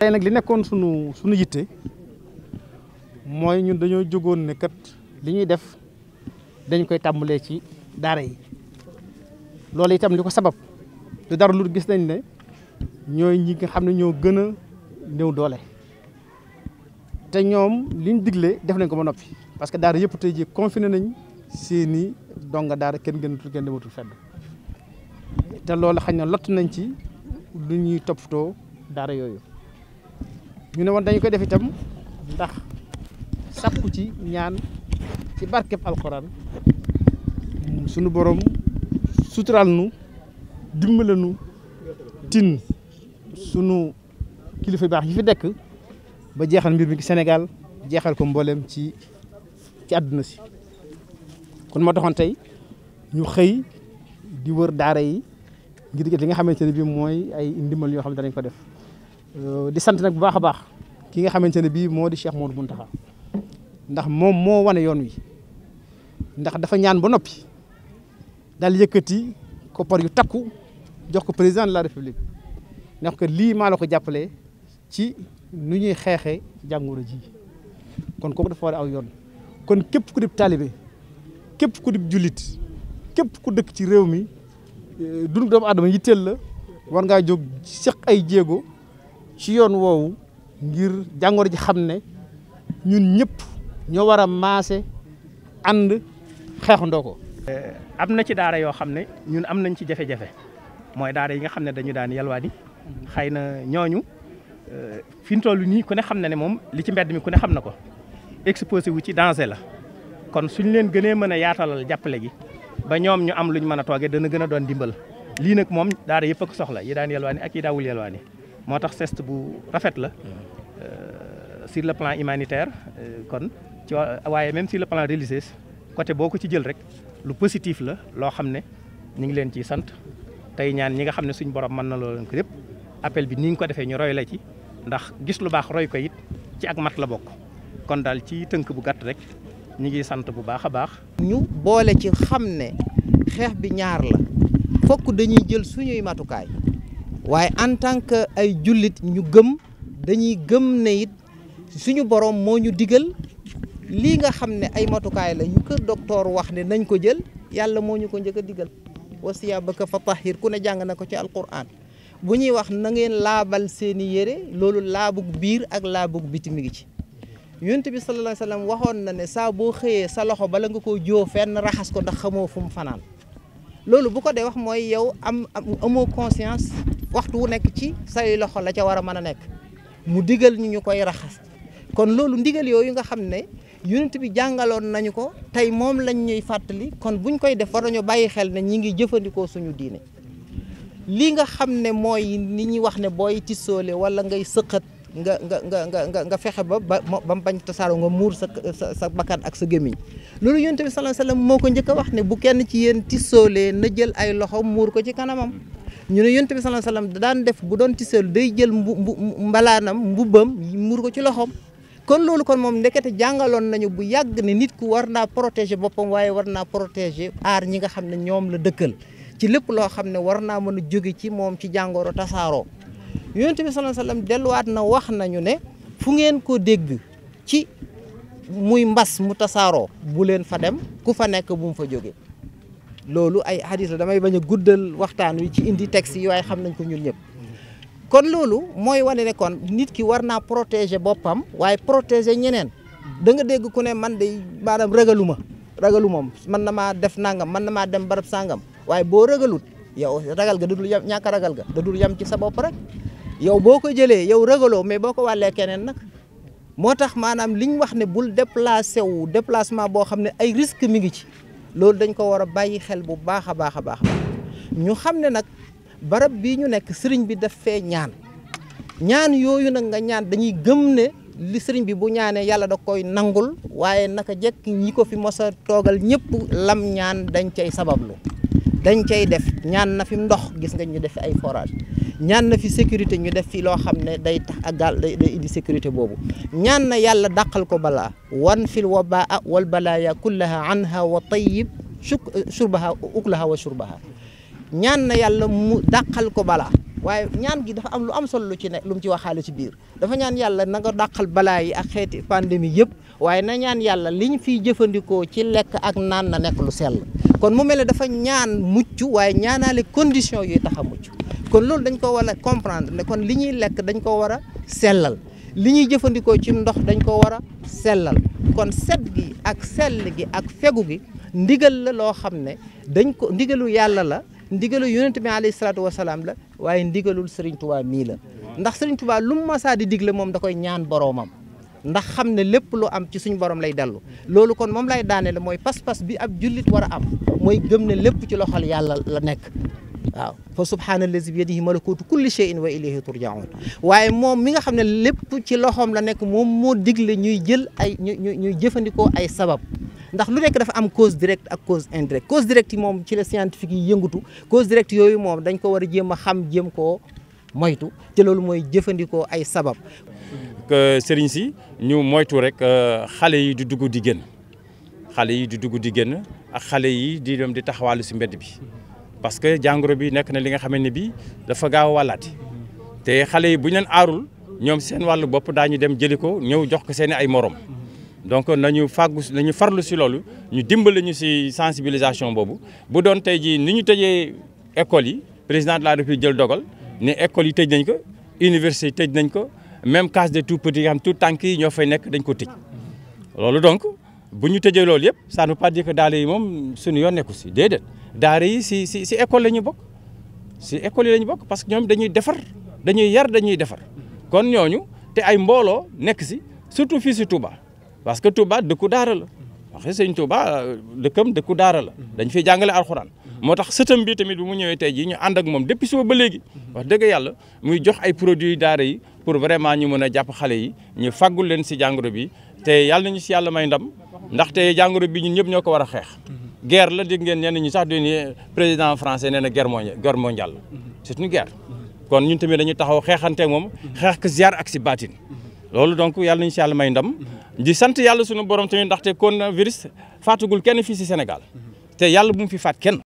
tey nag li nekkoon sunu sunu yitte mooy ñun dañoo jógoon ne kat li ñuy def dañ koy tàmbalee ci daara yi loolu itam li ko sabab du dara lu gis nañ ne ñooy ñi nga xam ne ñoo gën a néew doole te ñoom liñ digle def nañ ko ba noppi parce que daara yëpp tey ji confiné nañ seeni donga daara kenn gënatul kenn dematul fenn te loolu xañ na lott nañ ci lu ñuy toppatoo daara yooyu ñu ne woon dañu koy def itam ndax sàkku ci ñaan ci barkeb alxuraan sunu borom suturaal nu dimbale nu tin sunu kilifa baax yi fi dekk ba jeexal mbir mi ci Sénégal jeexal ko mbooleem ci ci àdduna si kon moo taxoon tey ñu xëy di wër daara yi ngir li nga xamante ne bii mooy ay ndimbal yoo xam ne danañ ko def euh, di sant nag bu baax a baax ki nga xamante ne bii moo di Cheikh Modou Mountakha ndax moom moo wane yoon wi ndax dafa ñaan ba noppi daal yëkkati koppar yu takku jox ko président de la république neex que lii maa la ko jàppale ci nu ñuy xeexee jàngoro ji kon kooku dafa war a aw yoon kon képp ku dib taalibe képp ku dib julit képp ku dëkk ci réew mi dund adama aadama yitteel la war ngaa jóg seq ay jéego ci yoon woowu ngir jàngoro ji xam ne ñun ñëpp ñoo war a maase ànd xeexandoo ko. Eh, am na ci daara yoo xam ne ñun am nañ ci jafe-jafe mooy daara yi nga xam ne dañu daan yalwaani xëy na ñooñu eh, fi ñu toll nii ku ne xam na ne moom li ci mbedd mi ku ne xam na ko exposé wu ci danger la kon suñ leen gënee mën a yaatalal jàppale gi. ba ñom ñu am luñu mëna a dana doon dimbal li nak mom daara yëpp ak soxla yi daan yelwaani ak yi daawul yelwaani motax tax bu rafet la euh, sur le plan humanitaire euh, kon ci waye même sur le plan religieux côté boo ci jël rek lu positif la lo xamné ñi ngi leen ci sante tay ñaan ñi nga xamné suñu borom man na lo leen ko yëpp appel bi ni ngi ko défé ñu roy la ci ndax gis lu bax roy ko yit ci ak mat la bok kon dal ci teunk bu gatt rek ñu sant bu baax a baax. ñu boole ci xam ne xeex bi ñaar la fokk dañuy jël suñuy matukaay waaye en tant que ay jullit ñu gëm dañuy gëm ne it suñu borom moo ñu digal lii nga xam ne ay matukaay la yu ko docteur wax ne nañ ko jël yàlla moo ñu ko njëkk a digal. wasiyaabaka fa tahir ku ne jàng na ko ci alquran bu ñuy wax na ngeen laabal seeni yére loolu laabug biir ak laabug bitim mi ngi ci. yonent bi sallallahu alayhi wa sallam waxoon na ne saa boo xëyee sa loxo bala nga koo joo fenn raxas ko ndax xamoo fu mu fanaan loolu bu ko dee wax mooy yow am amoo conscience waxtu wu nekk ci say loxo la ca war a mën a nekk mu digal ñu ñu koy raxas kon loolu ndigal yooyu nga xam ne yonent bi jàngaloon nañu ko tey moom lañ ñuy fàttali kon buñ koy def war nañu bàyyi xel ne ñi ngi jëfandikoo suñu diine lii nga xam ne mooy ni ñuy wax ne booy tissoole wala ngay sëqat nga nga nga nga nga fexe ba ba ba mu bañ tasaaroo nga muur sa sa sa bakkan ak sa gémmiñ loolu yonent bi sallallahu alayhi wasallam moo ko njëkk a wax ne bu kenn ci yéen tisoolee na jël ay loxo muur ko ci kanamam. ñu ne yonent bi sallallahu alayhi wasallam daan def bu doon tisool day jël mbu mbu mbalaanam mbubbam muur ko ci loxoom. kon loolu kon moom ndekete jàngaloon nañu bu yàgg ne nit ku war naa protéger boppam waaye war naa protéger aar ñi nga xam ne ñoom la dëkkal ci lépp loo xam ne war naa mën a jóge ci moom ci jàngoro tasaaroo. yonent bi sallallahu alayhi wasallam wat na wax ñu ne fu ngeen ko dégg ci muy mbass mu tasaro bu len fa dem ku fa nek bu mu fa joge lolu ay hadis la damay baña guddal waxtaan wi ci indi texte yi way xam nañ ko ñun ñep kon lolu moy wane ne kon nit ki warna protéger bopam way protéger ñeneen da nga dégg ku ne man day maanaam regaluma ragalu man na ma def nangam man na ma dem barab sangam way bo regalut yow ragal ga dudul ñaka ragal ga dudul yam ci sa bop rek yow boo ko jëlee yow rëgaloo mais boo ko wàllee keneen nag moo tax maanaam li wax ne bul déplacé wu déplacement boo xam ne ay risque mi ngi ci loolu dañ ko war a bàyyi xel bu baax a baax a baax ñu xam ne nag barab bi ñu nekk sëriñ bi daf fee ñaan ñaan yooyu nag nga ñaan dañuy gëm ne li sëriñ bi bu ñaanee yàlla da koy nangul waaye naka jekk ñi ko fi mos a toogal ñëpp lam ñaan dañ cay sabablu dañ cay def ñaan na fi ndox gis nga ñu def ay forage ñaan na fi sécurité ñu def fi loo xam ne day tax ak gaal day indi sécurité boobu ñaan na yàlla dàqal ko balaa wan fil wabaa wal balaaya kullaha anha wa tayyib eh, shurbaha uklaha wa shurbaha ñaan na yàlla mu dàqal ko balaa waaye ñaan gi dafa am lu am solo lu ci ne lum ci waxaale ci biir dafa ñaan yàlla nanga nga dàqal balaa yi a xeeti pandémie yëpp waaye na ñaan yàlla liñ fiy jëfandikoo ci lekk ak naan na nekk lu sell kon mu mel dafa ñaan mucc waaye ñaanaale condition yuy tax a kon loolu dañ ko war a comprendre ne kon li ñuy lekk dañ ko war a sellal li ñuy jëfandikoo ci ndox dañ ko war a sellal kon set gi ak sell gi ak fegu gi ndigal la loo xam ne dañ ko ndigalu yàlla la ndigalu yonent bi alayhi salaatu wasalaam la waaye ndigalul Serigne Touba mii la ndax Serigne Touba lu mu masaa di digle moom da koy ñaan boroomam ndax xam ne lépp loo am ci suñu borom lay dellu loolu kon moom lay daanee la mooy pas-pas bi ab jullit war a am mooy gëm lépp ci loxol yàlla la nekk waaw fa subhaanallazi bi yadihi malakuutu kulli shay'in wa ilayhi turja'un waaye moom mi nga xam ne lépp ci loxoom la nekk moom moo digle ñuy jël ay ñu ñuy jëfandikoo ay sabab ndax lu nekk dafa am cause directe ak cause indirecte cause directe yi moom ci la scientifique yi yëngatu cause directe yooyu moom dañ ko war a jéem a xam jéem koo moytu ci loolu mooy jëfandikoo ay sabab. sëriñ si ñu moytu rek euh, xale yi di dugg di gën xale yi di dugg di génn ak xale yi di dem di taxawaalu si mbedd bi. parce que jàngoro bi nek na li nga xamné Nous dafa gaaw walati té xalé yi bu leen arul ñom seen walu bop dañu dem jëliko jox ko seen ay donc nañu faisons, nañu farlu ci lolu ñu dimbali sensibilisation bobu bu doon tay école de la république jël dogal école yi université nañ même case de tout petit tout tanki, nous nek dañ donc. bu ñu tëjee loolu yëpp ça ne veut pas yi moom suñu yoon nekku si déedéet daara yi si si si école la ñu bokk si école yi la bokk parce que ñoom dañuy defar dañuy yar dañuy defar kon ñooñu te ay mbooloo nekk si surtout fii si Touba parce que Touba dëkku daara la waxe sëñ Touba euh, dëkkam dëkku daara la dañu fiy jàngale alxuraan moo tax sëtam bi tamit bu mu ñëwee tey jii ñu ànd ak moom depuis suba ba léegi wax dëgg yàlla muy jox ay produits daara yi pour vraiment ñu mën a jàpp xale yi ñu faggul leen si jàngoro bi te yàlla nañu si yàlla may ndam ndaxte jàngoro bi ñun ñëpp ñoo ko war a xeex. guerre la dégg neen nee ñu sax du ni président français nee na guerre guerre mondiale c'est une kon ñun tamit dañu taxaw xeexante moom. xeex ko ziar ak si baatin. loolu donc yàlla nañu si yàlla may ndam. di sant yàlla sunu borom tamit ndaxte coronavirus faatugul kenn fii si Sénégal. te yàlla bu fi faat kenn.